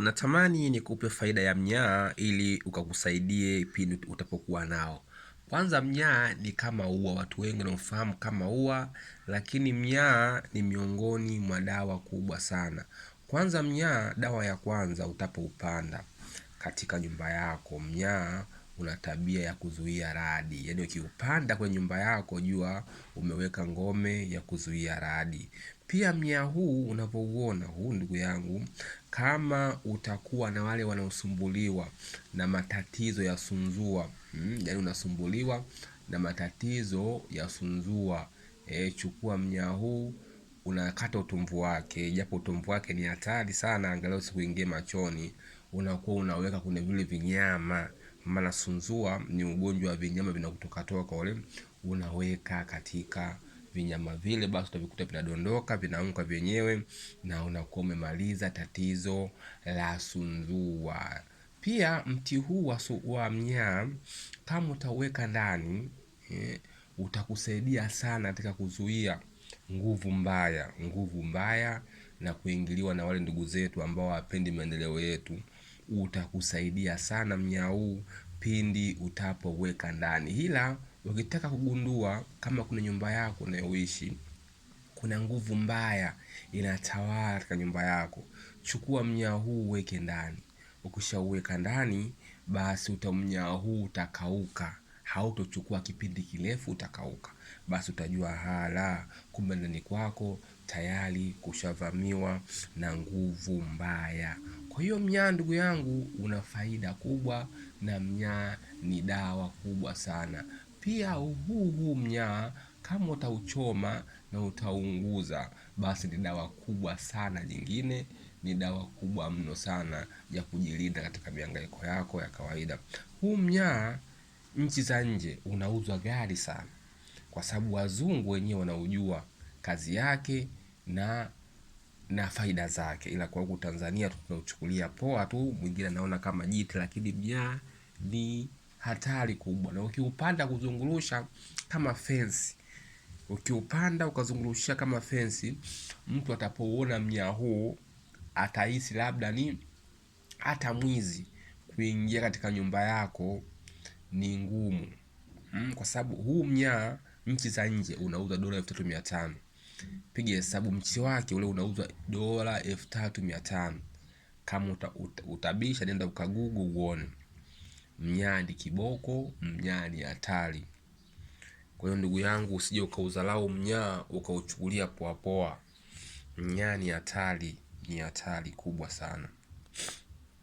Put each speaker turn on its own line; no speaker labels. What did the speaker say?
Natamani nikupe faida ya mnyaa ili ukakusaidie pindi utapokuwa nao. Kwanza mnyaa ni kama ua, watu wengi wanaufahamu kama ua, lakini mnyaa ni miongoni mwa dawa kubwa sana. Kwanza mnyaa, dawa ya kwanza utapoupanda katika nyumba yako mnyaa una tabia ya kuzuia radi. Yaani ukiupanda kwenye nyumba yako jua umeweka ngome ya kuzuia radi. Pia mmea huu unapouona huu ndugu yangu kama utakuwa na wale wanaosumbuliwa na matatizo ya sunzua hmm, yaani unasumbuliwa na matatizo ya sunzua e, chukua mmea huu unakata utumvu wake japo utumvu wake ni hatari sana angalau sikuingie machoni unakuwa unaweka kwenye vile vinyama maana sunzua ni ugonjwa wa vinyama vinakutokatoka ule, unaweka katika vinyama vile, basi utavikuta vinadondoka vinaanguka vyenyewe na unakuwa umemaliza tatizo la sunzua. Pia mti huu wa, wa mnyaa kama utaweka ndani eh, utakusaidia sana katika kuzuia nguvu mbaya, nguvu mbaya na kuingiliwa na wale ndugu zetu ambao hawapendi maendeleo yetu utakusaidia sana mnyau pindi utapoweka ndani. Ila ukitaka kugundua kama kuna nyumba yako unayoishi kuna nguvu mbaya inatawala katika nyumba yako, chukua mnya huu uweke ndani. Ukishauweka ndani, basi uta huu utakauka hautochukua kipindi kirefu utakauka. Basi utajua hala, kumbe ndani kwako tayari kushavamiwa na nguvu mbaya. Kwa hiyo mnyaa, ndugu yangu, una faida kubwa, na mnyaa ni dawa kubwa sana. Pia huu huu mnyaa kama utauchoma na utaunguza, basi ni dawa kubwa sana nyingine, ni dawa kubwa mno sana ya kujilinda katika mihangaiko yako ya kawaida. Huu mnyaa nchi za nje unauzwa gari sana, kwa sababu wazungu wenyewe wanaujua kazi yake na na faida zake, ila kwa huku Tanzania tunauchukulia poa tu, mwingine anaona kama jiti, lakini mnyaa ni hatari kubwa, na ukiupanda kuzungurusha kama fensi, ukiupanda ukazungurusha kama fensi, mtu atapouona mnyaa huu atahisi labda ni hata mwizi kuingia katika nyumba yako ni ngumu hmm, kwa sababu huu mnyaa nchi za nje unauzwa dola elfu tatu mia tano piga hesabu mchi wake ule unauzwa dola elfu tatu mia tano kama uta, uta, utabisha nenda ukagugu uone mnyaa ni kiboko mnyaa ni hatari kwa hiyo ndugu yangu usije ukauzalau mnyaa ukauchukulia poapoa mnyaa ni hatari ni hatari kubwa sana